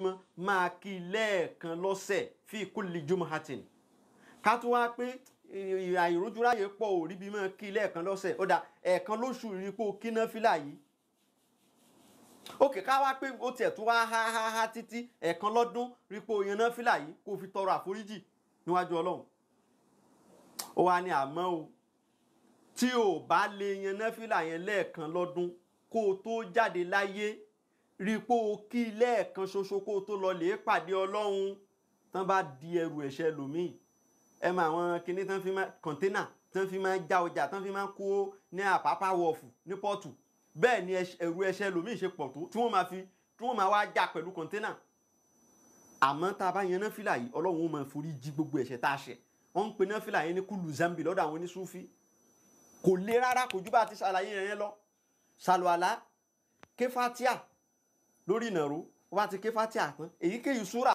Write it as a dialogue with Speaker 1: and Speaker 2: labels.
Speaker 1: mọ́ máa kí lẹ́ẹ̀kan lọ́sẹ̀ fi kulli jumu'atin ká tún wá pé àìrójúráyè pọ̀ ò rí bí máa kí lẹ́ẹ̀kan lọ́sẹ̀ ó dà ẹ̀ẹ̀kan lóṣù rí kó kí náfìlà yìí ókè ká wá pé ó tiẹ̀ tún wá há há há títí ẹ̀ẹ̀kan lọ́dún rí pé ó yan náfìlà yìí kó fi tọrọ àforíjì níwájú ọlọ́run ó wá ní àmọ́ o tí ò bá lè yan náfìlà yẹn lẹ́ẹ̀kan lọ́dún kó o tó jáde láyé rí pé o kí lẹ́ẹ̀kan ṣoṣo kó o tó lọ lè pàdé ọlọ́run tán bá di ẹrù ẹ̀ṣẹ̀ lòmíì ẹ mọ àwọn kinní tán fi máa kọ̀ńténà tán fi máa já ọjà tán fi máa kó ní àpápá wọ̀ọ̀fù ní pọ́ọ̀tù bẹ́ẹ̀ ni ẹrù ẹ̀ṣẹ̀ lòmíì ṣe pọ̀ tó tí wọ́n máa fi tí wọ́n máa wá já pẹ̀lú kọ̀ńténà àmọ́ tá a bá yan náfìlà yìí ọlọ́run ó máa forí jí gbogbo ẹ̀ṣẹ̀ tá a ṣẹ̀ wọ́n ń pe náfìlà yẹn ní kúlù zambi lọ́dọ̀ àwọn oníṣúfì kò le rárá kò ju bá a ti ṣàlàyé yẹn lọ ṣàlùwàlá kéfàtíà lórí ìnàró wọ́n bá ti ké fatia
Speaker 2: tán èyíkéyìí súrà